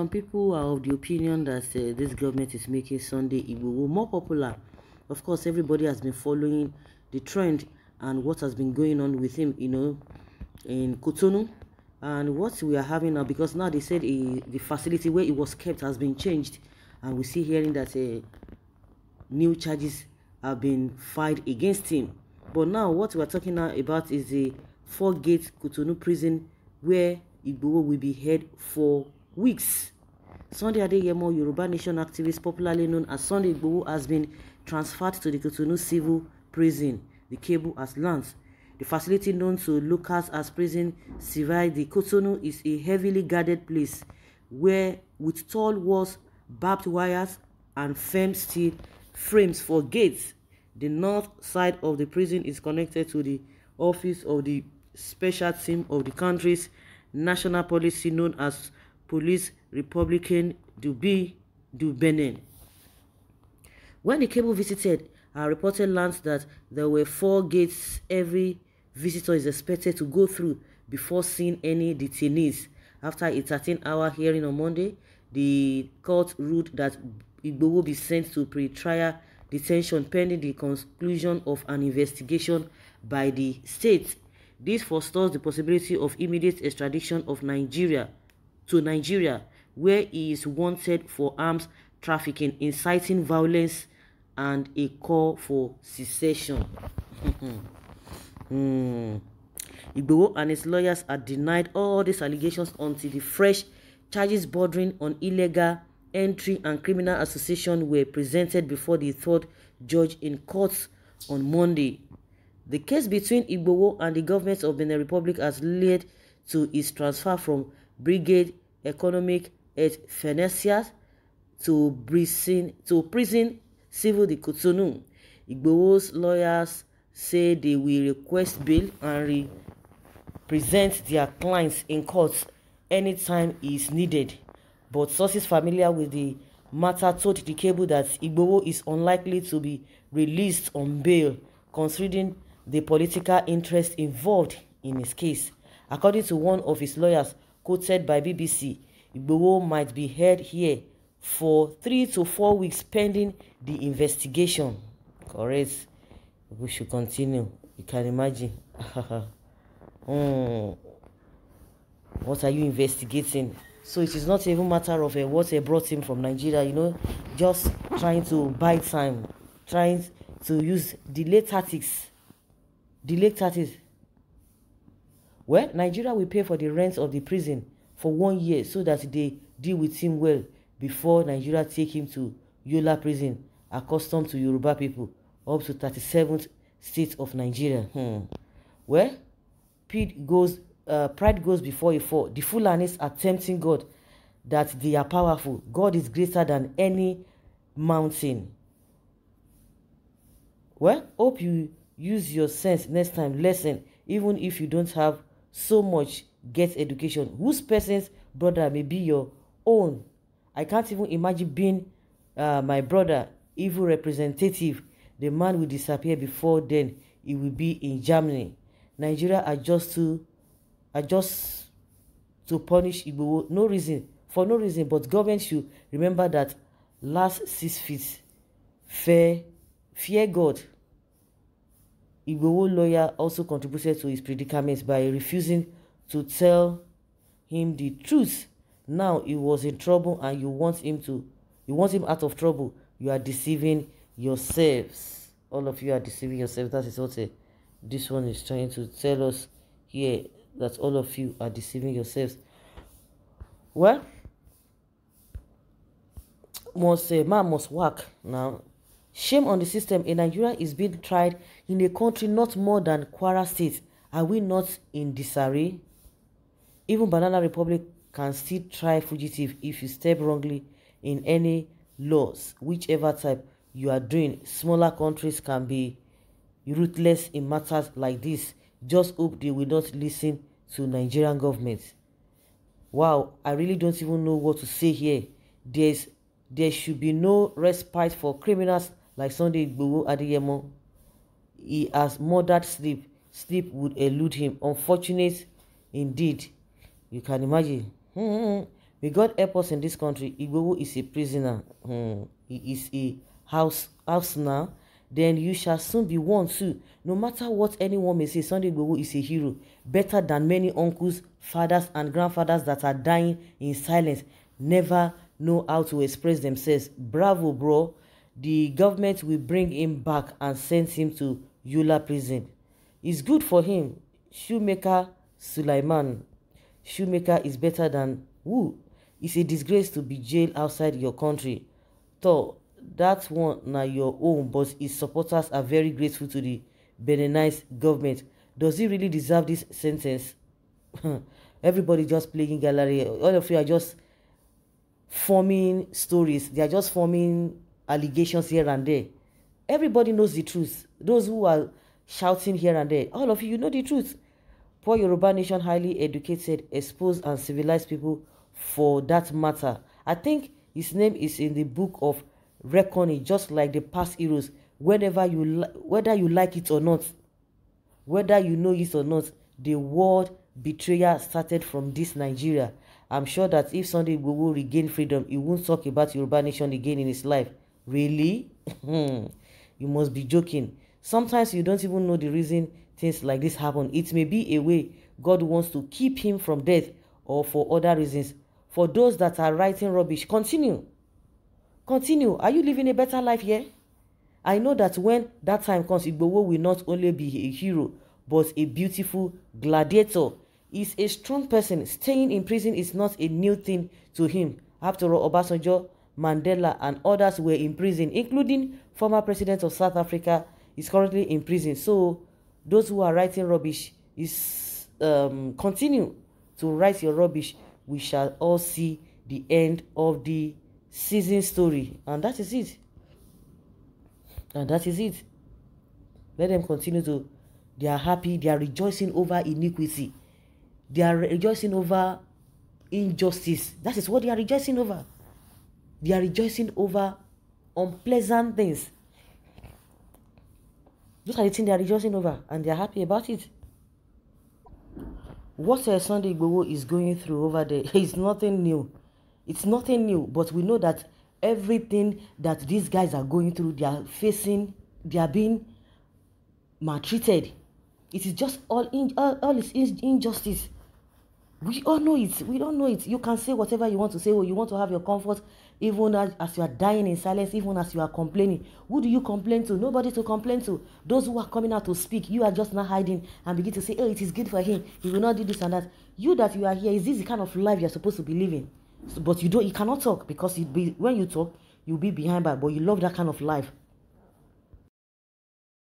some people are of the opinion that uh, this government is making Sunday Igbo more popular. Of course, everybody has been following the trend and what has been going on with him, you know, in Kotonu. And what we are having now, because now they said eh, the facility where it was kept has been changed. And we see hearing that uh, new charges have been filed against him. But now what we are talking now about is the four-gate Kotonu prison where Igbo will be held for weeks. Sunday Adeyemo, Yoruba Nation activist popularly known as Sunday Igboho, has been transferred to the Cotonou Civil Prison. The cable has launched. The facility known to locals as Prison Civil the Cotonou is a heavily guarded place where with tall walls, barbed wires, and firm steel frames for gates. The north side of the prison is connected to the office of the special team of the country's national policy known as Police Republican Dubi Dubenin. When the cable visited our reporter learned that there were four gates every visitor is expected to go through before seeing any detainees. After a 13-hour hearing on Monday, the court ruled that Igbo will be sent to pre-trial detention pending the conclusion of an investigation by the state. This forestalls the possibility of immediate extradition of Nigeria to Nigeria, where he is wanted for arms trafficking, inciting violence, and a call for secession. mm. and his lawyers are denied all these allegations until the fresh charges bordering on illegal entry and criminal association were presented before the third judge in court on Monday. The case between Igboho and the government of Benin Republic has led to his transfer from brigade economic et financiers to prison, to prison civil the Cotonou. Igbo's lawyers say they will request bail and represent their clients in court anytime is needed. But sources familiar with the matter told the cable that Igbowo is unlikely to be released on bail, considering the political interest involved in his case. According to one of his lawyers, quoted by BBC, Igboho might be held here for three to four weeks pending the investigation. Correct. We should continue. You can imagine. mm. What are you investigating? So it is not even matter of uh, what they brought him from Nigeria, you know, just trying to buy time, trying to use delay tactics. Delay tactics. Well, Nigeria will pay for the rent of the prison for one year so that they deal with him well before Nigeria take him to Yola prison, accustomed to Yoruba people, up to 37th state of Nigeria. Hmm. Well, goes, uh, pride goes before a fall. The Fulanis are tempting God that they are powerful. God is greater than any mountain. Well, hope you use your sense next time. Listen, even if you don't have so much gets education whose person's brother may be your own i can't even imagine being uh, my brother evil representative the man will disappear before then he will be in germany nigeria are just to are just to punish igbowo no reason for no reason but government should remember that last six feet fear fear god Igboho lawyer also contributed to his predicament by refusing to tell him the truth. Now he was in trouble and you want him to you want him out of trouble. You are deceiving yourselves. All of you are deceiving yourselves. That is what a, eh, this one is trying to tell us here that all of you are deceiving yourselves. Well, must a eh, man must work now Shame on the system. A Nigerian is being tried in a country not more than Kwara State. Are we not in disarray? Even Banana Republic can still try fugitive if you step wrongly in any laws, whichever type you are doing. Smaller countries can be ruthless in matters like this. Just hope they will not listen to Nigerian government. Wow, I really don't even know what to say here. There's, there should be no respite for criminals like Sunday Igboho Adeyemo, he has murdered sleep. Sleep would elude him. Unfortunate indeed. You can imagine. Mm-hmm. May God help us in this country. Igboho is a prisoner. Mm. He is a house house now. Then you shall soon be one too. No matter what anyone may say, Sunday Igboho is a hero, better than many uncles, fathers, and grandfathers that are dying in silence, never know how to express themselves. Bravo, bro the government will bring him back and send him to Yola prison. It's good for him. Shoemaker Sulaiman. Shoemaker is better than who? It's a disgrace to be jailed outside your country. So that one na your own, but his supporters are very grateful to the Beninite government. Does he really deserve this sentence? Everybody just playing gallery. All of you are just forming stories. They are just forming allegations here and there. Everybody knows the truth. Those who are shouting here and there, all of you, you know the truth. Poor Yoruba nation, highly educated, exposed, and civilized people for that matter. I think his name is in the book of reckoning, just like the past heroes, whenever you whether you like it or not, whether you know it or not, the world betrayer started from this Nigeria. I'm sure that if Sunday will regain freedom, he won't talk about Yoruba nation again in his life. Really? Hmm. you must be joking. Sometimes you don't even know the reason things like this happen. It may be a way God wants to keep him from death or for other reasons. For those that are writing rubbish, continue. Continue. Are you living a better life here? I know that when that time comes, Igbowo will not only be a hero, but a beautiful gladiator. He's a strong person. Staying in prison is not a new thing to him. After all, Obasanjo Mandela, and others were in prison, including former president of South Africa is currently in prison. So those who are writing rubbish is um, continue to write your rubbish. We shall all see the end of the season story. And that is it. And that is it. Let them continue to, they are happy, they are rejoicing over iniquity. They are rejoicing over injustice. That is what they are rejoicing over. They are rejoicing over unpleasant things. Those are the thing they are rejoicing over and they are happy about it. What a Sunday Gogo is going through over there is nothing new. It's nothing new, but we know that everything that these guys are going through, they are facing, they are being maltreated. It is just all in, all, all is injustice. We all know it. We don't know it. You can say whatever you want to say, Well, oh, you want to have your comfort even as, as you are dying in silence, even as you are complaining. Who do you complain to? Nobody to complain to. Those who are coming out to speak, you are just not hiding and begin to say, oh, it is good for him. He will not do this and that. You that you are here, is this the kind of life you are supposed to be living? So, but you don't, you cannot talk because be, when you talk, you'll be behind back. But you love that kind of life.